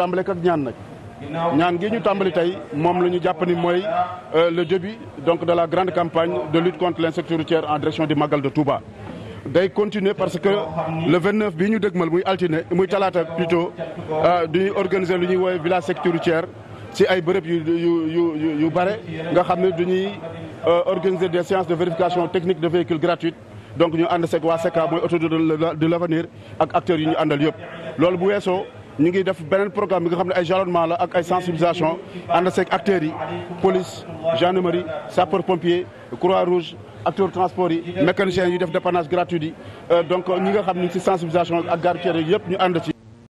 tàmbale ak ñaan nag ñaan gi ñu tàmbali tey moom la ñu jàpp ni mooy euh, le début donc de la grande campagne de lutte contre l'insécurité routière en direction du Magal de Touba. day continuer parce que le 29 bii ñu mal muy altine muy talaata plutôt euh, duñuy organiser lu ñuy woowee village sécurité routière ci ay bërëb yu yu yu yu bare nga xam ne duñuy euh, organiser des séances de vérification technique de véhicules gratuites donc ñu ànd seeg waa SECA mooy autoroute de l'avenir ak acteurs yi ñu àndal yëpp loolu bu weesoo. ñu ngi def beneen programme bi nga xam ne ay jalonnement la ak ay sensibilisation ànd seeg acteurs yi police gendarmerie sapeur pompier croix rouge acteurs transport yi mécaniciens yi def dépannage gratuit yi euh, donc ñi nga xam ne ci sensibilisation ak gare routière yëpp ñu ànd ci